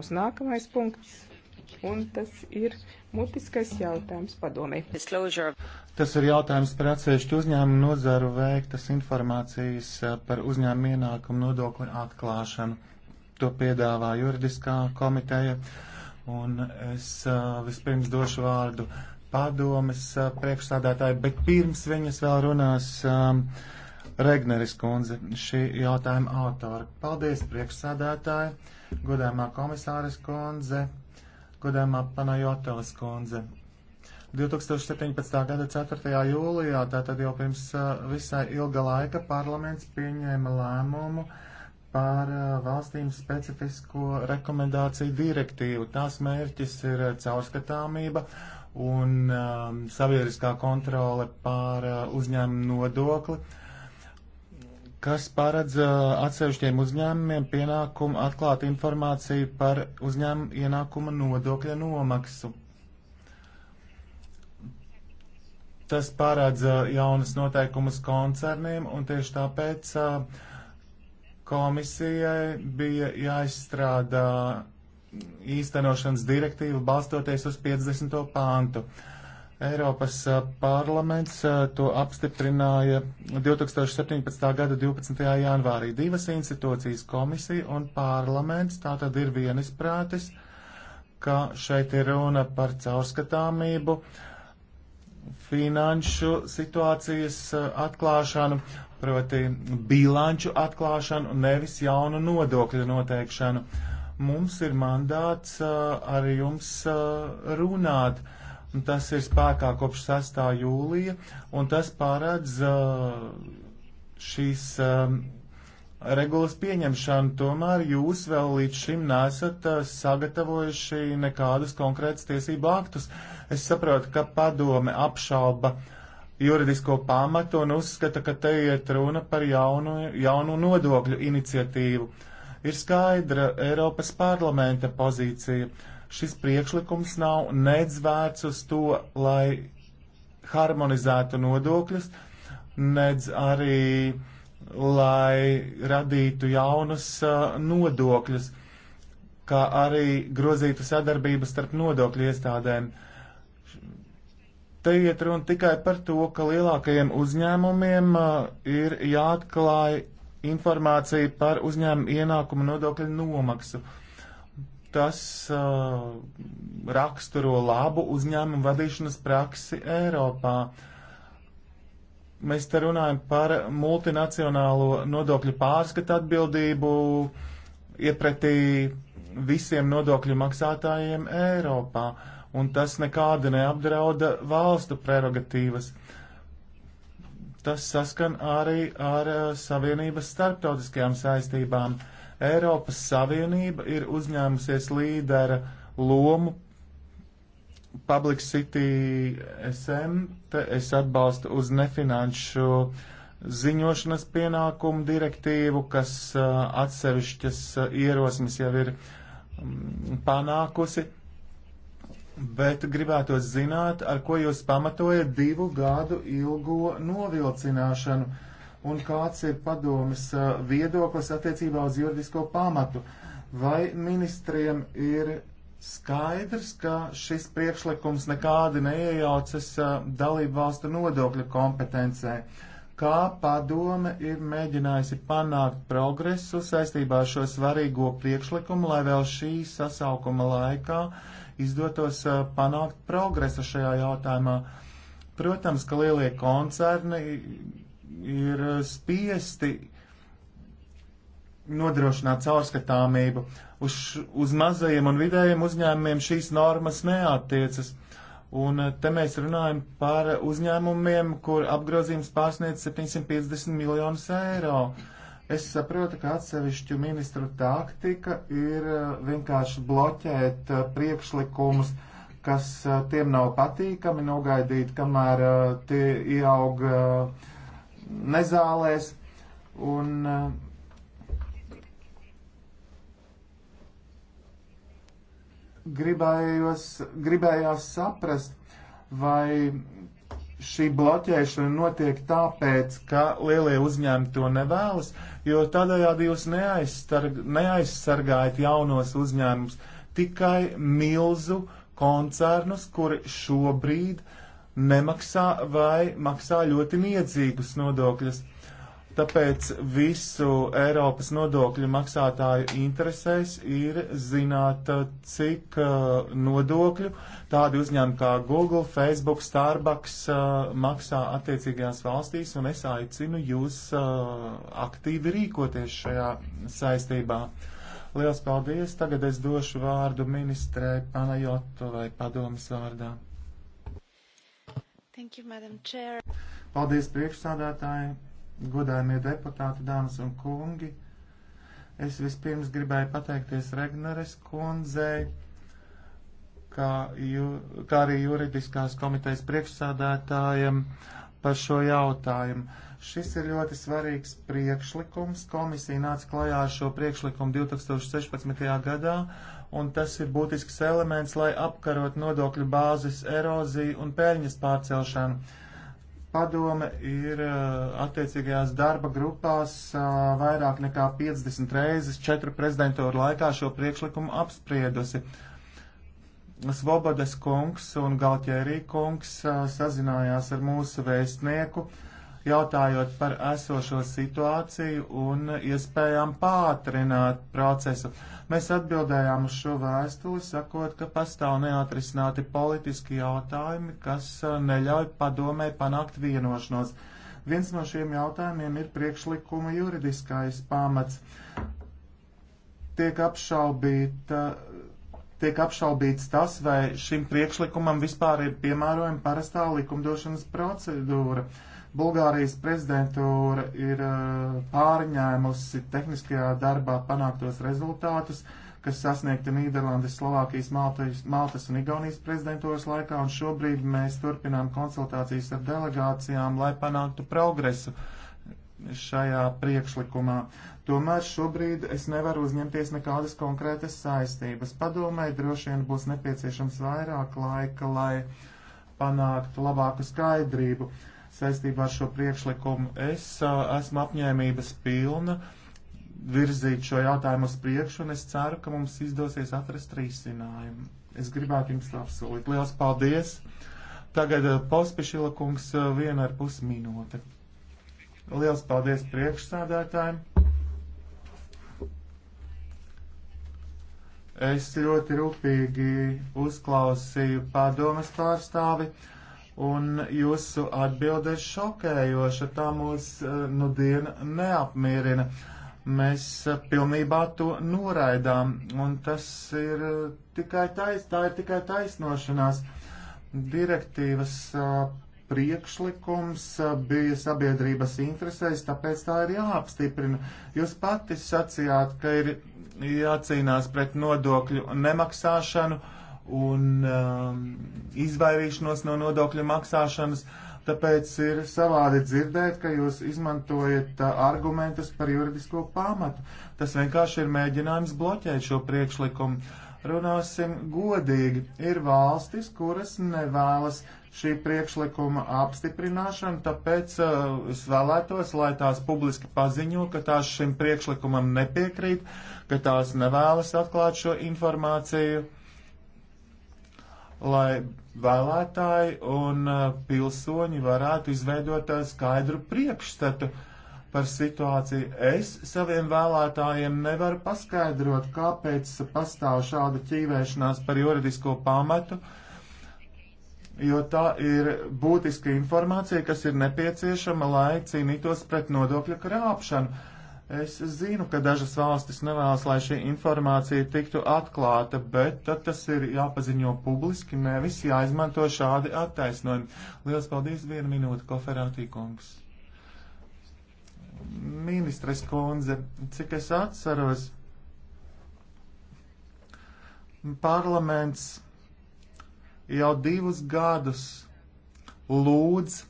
mūsu nākamais punkts, un tas ir mutiskais jautājums padomē. Tas ir jautājums par atsevišķu uzņēmumu nozaru veiktas informācijas eh, par uzņēmumu ienākumu nodokli atklāšanu. To piedāvā juridiskā komiteja, un es eh, vispirms došu vārdu padomes eh, priekšsādātāju, bet pirms viņas vēl runās um, Regneris kundze, šī jautājuma autora. Paldies, priekšsādātāji! godāmā komisāres kundze, godāmā Panajotelas kundze. 2017. gada 4. jūlijā, tātad jau pirms uh, visai ilga laika, parlaments pieņēma lēmumu par uh, valstīm specifisko rekomendāciju direktīvu. Tās mērķis ir uh, caurskatāmība un um, sabiedriskā kontrole pār uh, uzņēmumu nodokli kas paredz atsevišķiem uzņēmumiem pienākumu atklāt informāciju par uzņēmumu ienākuma nodokļa nomaksu. Tas paredz jaunas noteikumus koncerniem, un tieši tāpēc komisijai bija jāizstrādā īstenošanas direktīva balstoties uz 50. pāntu. Uh, Eiropas parlaments to apstiprināja 2017. gada 12. janvārī. Divas institūcijas komisija un parlaments tā tad ir vienisprātis, ka šeit ir runa par caurskatāmību, finanšu situācijas atklāšanu, proti bilanču atklāšanu, nevis jaunu nodokļu noteikšanu. Mums ir mandāts arī jums runāt Tas ir spēkā kopš 6. jūlija, un tas pārēdz uh, šīs um, regulas pieņemšanu. Tomēr jūs vēl līdz šim nesat uh, sagatavojuši nekādus konkrētus tiesību aktus. Es saprotu, ka padome apšauba juridisko pamatu un uzskata, ka te iet runa par jaunu, jaunu nodokļu iniciatīvu. Ir skaidra Eiropas parlamenta pozīcija. Šis priekšlikums nav nedzvērts uz to, lai harmonizētu nodokļus, nedz arī, lai radītu jaunus uh, nodokļus, kā arī grozītu sadarbību starp nodokļu iestādēm. Te iet runa tikai par to, ka lielākajiem uzņēmumiem uh, ir jāatklāj informācija par uzņēmumu ienākumu nodokļu nomaksu. Uh, Tas uh, raksturo labu uzņēmumu vadīšanas praksi Eiropā. Mēs te runājam par multinacionālo nodokļu pārskatu atbildību iepratī visiem nodokļu maksātājiem Eiropā, un tas nekādi neapdrauda valstu prerogatīvas. Tas saskan arī ar uh, Savienības starptautiskajām saistībām. Uh, Eiropas Savienība ir uzņēmusies līdera lomu Public City SM, te es atbalstu uz nefinanšu ziņošanas pienākumu direktīvu, kas atsevišķas ierosmes jau ir mm, panākusi, bet gribētu zināt, ar ko jūs pamatojat divu gadu ilgo novilcināšanu un kāds ir padomas viedoklis attiecībā uz juridisko pamatu. Vai ministriem ir skaidrs, ka šis priekšlikums nekādi neiejaucas dalību valstu nodokļu kompetencē? Kā padome ir mēģinājusi panākt progresu saistībā ar šo svarīgo priekšlikumu, lai vēl šī sasaukuma laikā izdotos panākt progresu šajā jautājumā? Protams, ka lielie koncerni ir eh, spiesti nodrošināt caurskatāmību. Uz, uz mazajiem un vidējiem uzņēmumiem šīs normas neatiecas. Un eh, te mēs runājam par uzņēmumiem, kur apgrozījums pārsniedz 750 miljonus eiro. Es saprotu, ka atsevišķu ministru taktika ir eh, vienkārši bloķēt priekšlikumus, kas tiem nav patīkami, nogaidīt, kamēr tie ieaug uh, nezālēs. Un, eh, Gribējos, gribējās saprast, vai šī bloķēšana notiek tāpēc, ka lielie uzņēmumi to nevēlas, jo tādējādi jūs neaizsargājat jaunos uzņēmumus, tikai milzu koncernus, kuri šobrīd uh, nemaksā vai maksā ļoti niedzīgus nodokļus. Tāpēc visu Eiropas nodokļu maksātāju interesēs ir zināt, uh, cik uh, nodokļu tādi uzņēmumi kā Google, Facebook, Starbucks uh, maksā attiecīgajās valstīs, un es aicinu jūs uh, aktīvi rīkoties šajā saistībā. Liels paldies! Tagad es došu vārdu ministrē Panajotovai padomas vārdā. Thank you, Madam Chair. Paldies priekšsādātāji, godājumie deputāti, dāmas un kungi. Es vispirms gribēju pateikties Regneres kundzei, kā, ju, kā arī juridiskās komitejas priekšsādātājiem par šo jautājumu. Šis ir ļoti svarīgs priekšlikums. Komisija nāca klajā ar šo priekšlikumu 2016. gadā un tas ir būtisks elements, lai apkarot nodokļu bāzes eroziju un peļņas pārcelšanu. Padome ir uh, attiecīgajās darba grupās uh, vairāk nekā 50 reizes četru prezidentūru laikā šo priekšlikumu apspriedusi. Svobodas kungs un Galķērī kungs uh, sazinājās ar mūsu vēstnieku jautājot par esošo situāciju un iespējām pātrināt procesu. Mēs atbildējām uz šo vēstuli, sakot, ka pastāv neatrisināti politiski jautājumi, kas uh, neļauj padomē panākt vienošanos. Viens no šiem jautājumiem ir priekšlikuma juridiskais pamats. Tiek apšaubīta tiek apšaubīts tas, vai šim priekšlikumam vispār ir piemērojama parastā likumdošanas procedūra. Uh, Bulgārijas prezidentūra ir eh, pārņēmusi tehniskajā darbā panāktos rezultātus, kas sasniegti Nīderlandes, Slovākijas, Maltas, Maltas un Igaunijas prezidentūras laikā, un šobrīd mēs turpinām konsultācijas ar delegācijām, lai panāktu progresu šajā priekšlikumā. Tomēr šobrīd es nevaru uzņemties nekādas konkrētas saistības. Padomēji droši vien būs nepieciešams vairāk laika, lai panāktu labāku skaidrību. Uh, saistībā ar šo priekšlikumu. Es uh, esmu apņēmības pilna virzīt šo jautājumu uz priekšu, un es ceru, ka mums izdosies atrast risinājumu. Es gribētu jums apsolīt. Lielas paldies! Tagad uh, Pauspišila kungs uh, viena ar pus minūte. Lielas paldies priekšsādātājiem! Es ļoti rūpīgi uzklausīju padomas pārstāvi. Uh, Un jūsu atbilde ir šokējoša, tā mūs eh, nu diena neapmierina. Mēs eh, pilnībā to noraidām, un tas ir eh, tikai tais, tā ir tikai taisnošanās. Direktīvas priekšlikums bija sabiedrības interesēs, tāpēc tā ir jāapstiprina. Jūs pati sacījāt, ka ir jācīnās pret nodokļu nemaksāšanu un um, izvairīšanos no nodokļu maksāšanas. Tāpēc ir savādi dzirdēt, ka jūs izmantojat uh, argumentus par juridisko pamatu. Tas vienkārši ir mēģinājums bloķēt šo priekšlikumu. Runāsim godīgi. Ir valstis, kuras nevēlas šī priekšlikuma apstiprināšanu, tāpēc uh, es vēlētos, lai tās publiski paziņo, ka tās šim priekšlikumam nepiekrīt, ka tās nevēlas atklāt šo informāciju lai vēlētāji un uh, pilsoņi varētu izveidot uh, skaidru priekšstatu par situāciju. Es saviem vēlētājiem nevaru paskaidrot, kāpēc pastāv šāda ķīvēšanās par juridisko pamatu, jo tā ir būtiska informācija, kas ir nepieciešama, lai cīnītos pret nodokļu krāpšanu Es zinu, ka dažas valstis nevēlas, lai šī informācija tiktu atklāta, bet tad tas ir jāpaziņo publiski, nevis jāizmanto šādi attaisnojumi. Lielas paldies, viena minūte, koferātī kungs. Ministres kundze, cik es atceros, parlaments jau divus gadus lūdz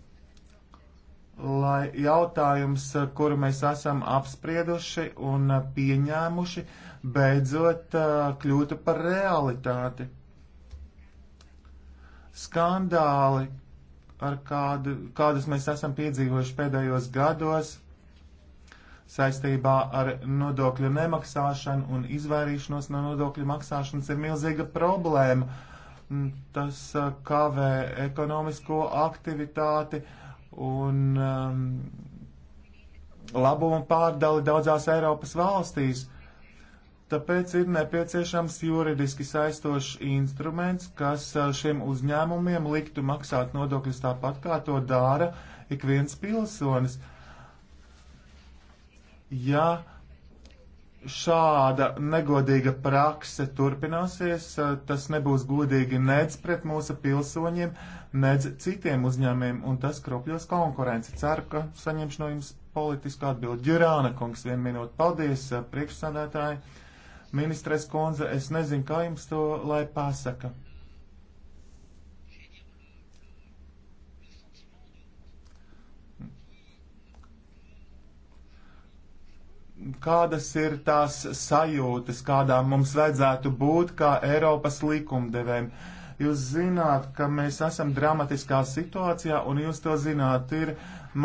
lai jautājums, eh, kuru mēs esam apsprieduši un eh, pieņēmuši, beidzot eh, kļūtu par realitāti. Skandāli, ar kādu, kādus mēs esam piedzīvojuši pēdējos gados saistībā ar nodokļu nemaksāšanu un izvairīšanos no nodokļu maksāšanas, ir milzīga problēma. Tas kavē ekonomisko aktivitāti, uh, un um, labumu pārdali daudzās Eiropas valstīs. Tāpēc ir nepieciešams juridiski saistošs instruments, kas uh, šiem uzņēmumiem liktu maksāt nodokļus tāpat, kā to dara ik viens pilsonis. Ja šāda negodīga prakse turpināsies, tas nebūs godīgi nec pret mūsu pilsoņiem, nec citiem uzņēmiem, un tas kropļos konkurenci. Ceru, ka saņemšu no jums politisku atbildi. Ģirāna kungs, vien minūte, paldies, priekšsādātāji, ministres konze, es nezinu, kā jums to lai pasaka. kādas ir tās sajūtas, kādām mums vajadzētu būt kā Eiropas likumdevējiem. Jūs zināt, ka mēs esam dramatiskā situācijā, un jūs to zināt, ir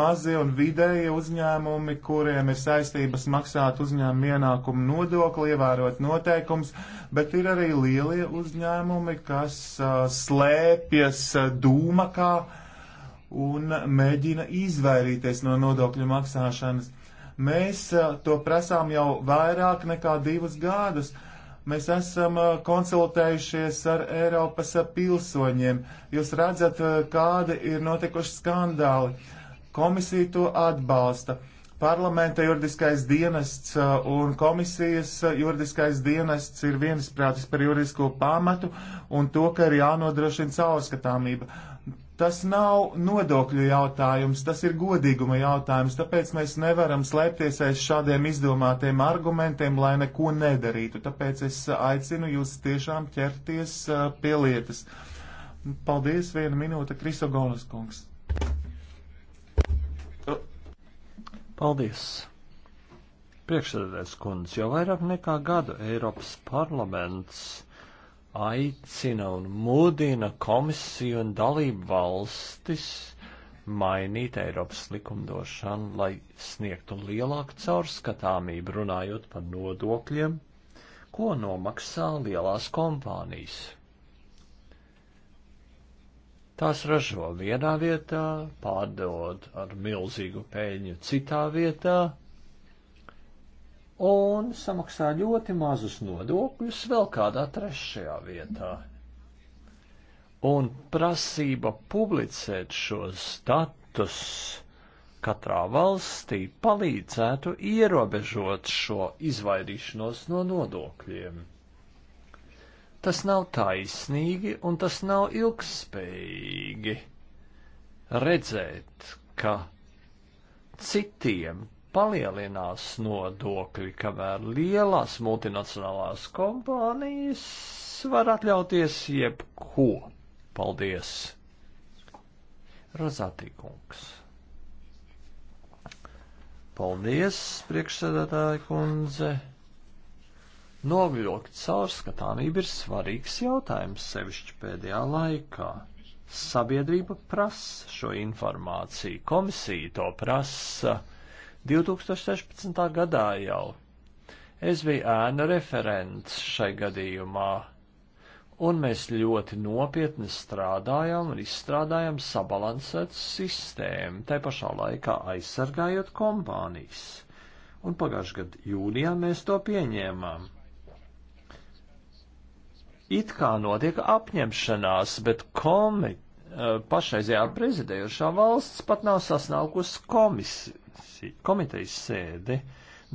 mazie un vidēji uzņēmumi, kuriem ir saistības maksāt uzņēmumu ienākumu nodokli, ievērot noteikums, bet ir arī lielie uzņēmumi, kas uh, slēpjas uh, dūmakā un mēģina izvairīties no nodokļu maksāšanas. Uh, Mēs eh, to prasām jau vairāk nekā divus gadus. Mēs esam eh, konsultējušies ar Eiropas eh, pilsoņiem. Jūs redzat, kādi ir notikuši skandāli. Komisija to atbalsta. Parlamenta juridiskais dienests un komisijas juridiskais dienests ir viensprātis par juridisko pamatu un to, ka ir jānodrošina caurskatāmība. Tas nav nodokļu jautājums, tas ir godīguma jautājums, tāpēc mēs nevaram slēpties aiz šādiem izdomātiem argumentiem, lai neko nedarītu. Tāpēc es aicinu jūs tiešām ķerties pie lietas. Paldies, viena minūte, Krisogonas kungs. Paldies. Priekšsēdētājs kundze, jau vairāk nekā gadu Eiropas parlaments aicina un mudina komisiju un dalību valstis mainīt Eiropas likumdošanu, lai sniegtu lielāku caurskatāmību runājot par nodokļiem, ko nomaksā lielās kompānijas. Tās ražo vienā vietā, pārdod ar milzīgu peļņu citā vietā, un samaksā ļoti mazus nodokļus vēl kādā trešajā vietā. Un prasība publicēt šos datus katrā valstī palīdzētu ierobežot šo izvairīšanos no nodokļiem. Tas nav taisnīgi un tas nav ilgspējīgi redzēt, ka citiem palielinās nodokļi, kamēr lielās multinacionālās kompānijas var atļauties jebko. Paldies! Razatīkungs. Paldies, priekšsēdētāja kundze. Nogļokļa caurskatāmība ir svarīgs jautājums sevišķi pēdējā laikā. Sabiedrība prasa šo informāciju, komisija to prasa. Uh, 2016. gadā jau. Es biju ēna referents šai gadījumā, un mēs ļoti nopietni strādājam un izstrādājam sabalansētu sistēmu, tai pašā laikā aizsargājot kompānijas. Un pagājušajā gadā jūnijā mēs to pieņēmām. It kā notiek apņemšanās, bet komit Eh, pašreizējā prezidējošā valsts pat nav sasnaukusi komisiju, komitejas sēdi.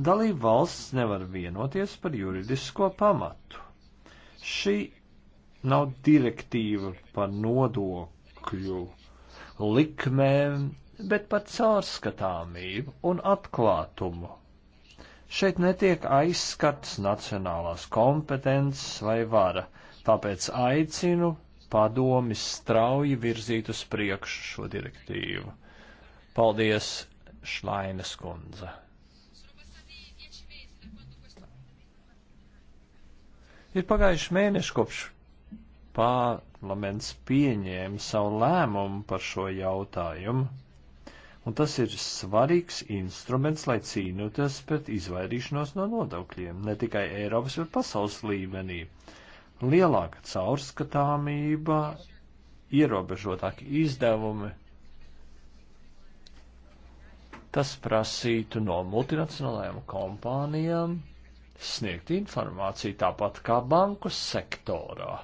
Dalība valsts nevar vienoties par juridisko pamatu. Šī nav direktīva par nodokļu likmēm, bet par caurskatāmību un atklātumu. Šeit netiek aizskats nacionālās kompetences vai vara, tāpēc aicinu padomis strauji virzīt uz priekšu šo direktīvu. Paldies, Šlainas kundze! Ir pagājuši mēneši kopš parlaments pieņēma savu lēmumu par šo jautājumu, un tas ir svarīgs instruments, lai cīnoties pret izvairīšanos no nodokļiem, ne tikai Eiropas, bet pasaules līmenī. Uh, lielāka caurskatāmība, ierobežotāki izdevumi. Tas prasītu no multinacionālajām kompānijām sniegt informāciju tāpat kā banku sektorā.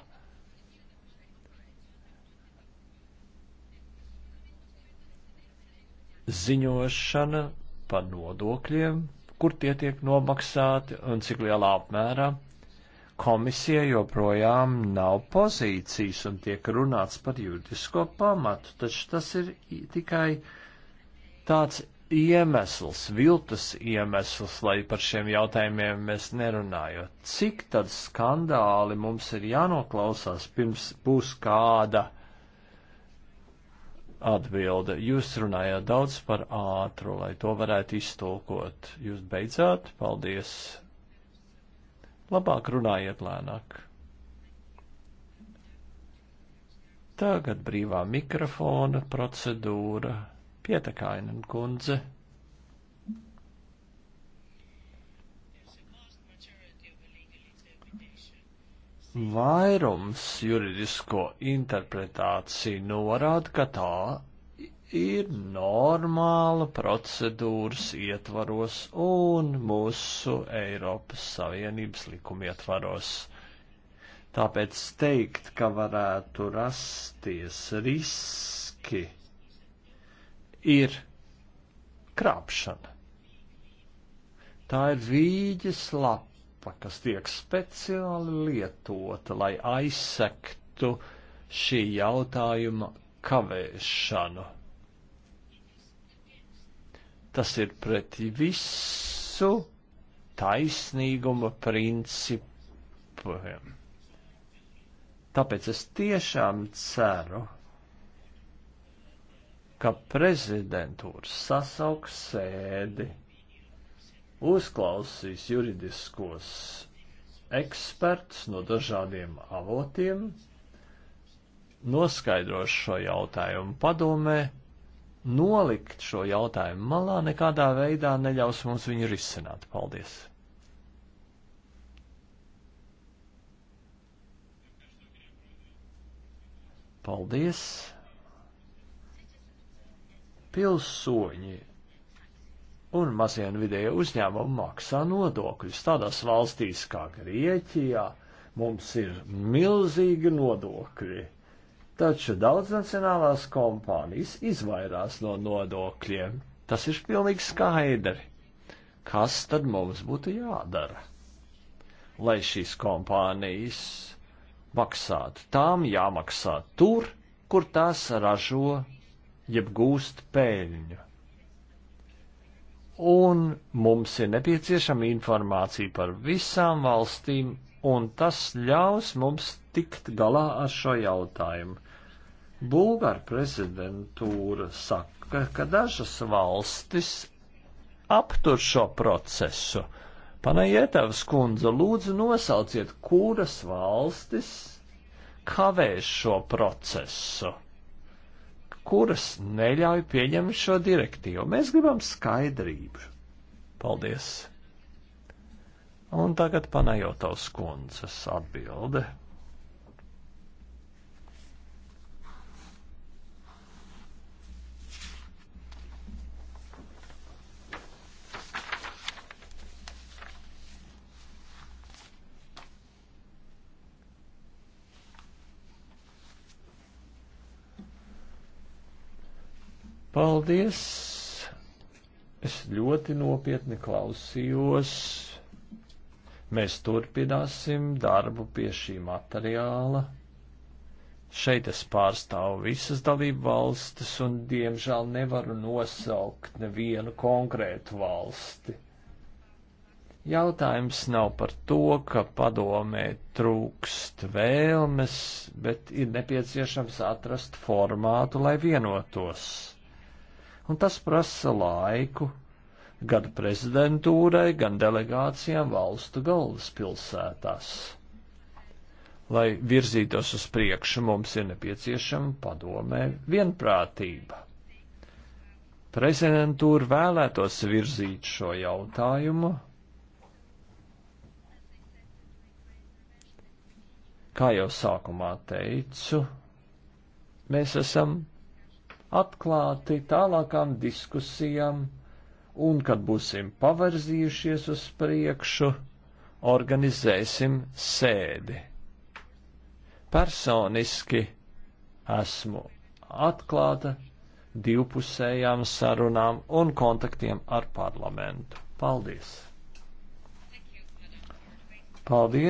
Ziņošana par nodokļiem, kur tie tiek nomaksāti un cik lielā apmērā komisija joprojām nav pozīcijas un tiek runāts par juridisko pamatu, taču tas ir tikai tāds iemesls, viltus iemesls, lai par šiem jautājumiem mēs nerunājot. Cik tad skandāli mums ir jānoklausās, pirms būs kāda atbilde? Jūs runājāt daudz par ātru, lai to varētu iztulkot. Jūs beidzāt? Paldies! Labāk runājiet lēnāk. Tagad brīvā mikrofona procedūra. Pietekainen kundze. Vairums juridisko interpretāciju norāda, ka tā ir normāla procedūras ietvaros un mūsu Eiropas Savienības likuma ietvaros. Tāpēc teikt, ka varētu rasties riski, ir krāpšana. Tā ir vīģes lapa, kas tiek speciāli lietota, lai aizsektu šī jautājuma kavēšanu Tas ir pret visu taisnīguma principiem. Tāpēc es tiešām ceru, ka prezidentūra sasauks sēdi, uzklausīs juridiskos eksperts no dažādiem avotiem, noskaidros šo jautājumu padomē nolikt šo jautājumu malā nekādā veidā neļaus mums viņu risināt. Paldies! Paldies! Pilsoņi un mazie un vidēji uzņēmumi maksā nodokļus tādās valstīs kā Grieķijā. Mums ir milzīgi nodokļi Taču daudznacionālās kompānijas izvairās no nodokļiem. Tas ir pilnīgi skaidri. Kas tad mums būtu jādara? Lai šīs kompānijas maksātu, tām jāmaksā tur, kur tās ražo jeb gūst peļņu. Un mums ir nepieciešama informācija par visām valstīm, un tas ļaus mums tikt galā ar šo jautājumu. Bulgāra prezidentūra saka, ka dažas valstis aptur šo procesu. Panajētavas kundze, lūdzu nosauciet, kuras valstis kavēs šo procesu, kuras neļauj pieņemt šo direktīvu. Mēs gribam skaidrību. Paldies! Un tagad panajotavas kundzes atbilde. Paldies! Es ļoti nopietni klausījos. Mēs turpināsim darbu pie šī materiāla. Šeit es pārstāvu visas dalību valstis un, diemžēl, nevaru nosaukt nevienu konkrētu valsti. Jautājums nav par to, ka padomē trūkst vēlmes, bet ir nepieciešams atrast formātu, lai vienotos un tas prasa laiku gan prezidentūrai, gan delegācijām valstu galvaspilsētās. Lai virzītos uz priekšu, mums ir nepieciešama padomē vienprātība. Prezidentūra vēlētos virzīt šo jautājumu. Kā jau sākumā teicu, mēs esam atklāti tālākām diskusijām, un, kad būsim pavirzījušies uz priekšu, organizēsim sēdi. Personiski esmu atklāta divpusējām sarunām un kontaktiem ar parlamentu. Paldies! Paldies!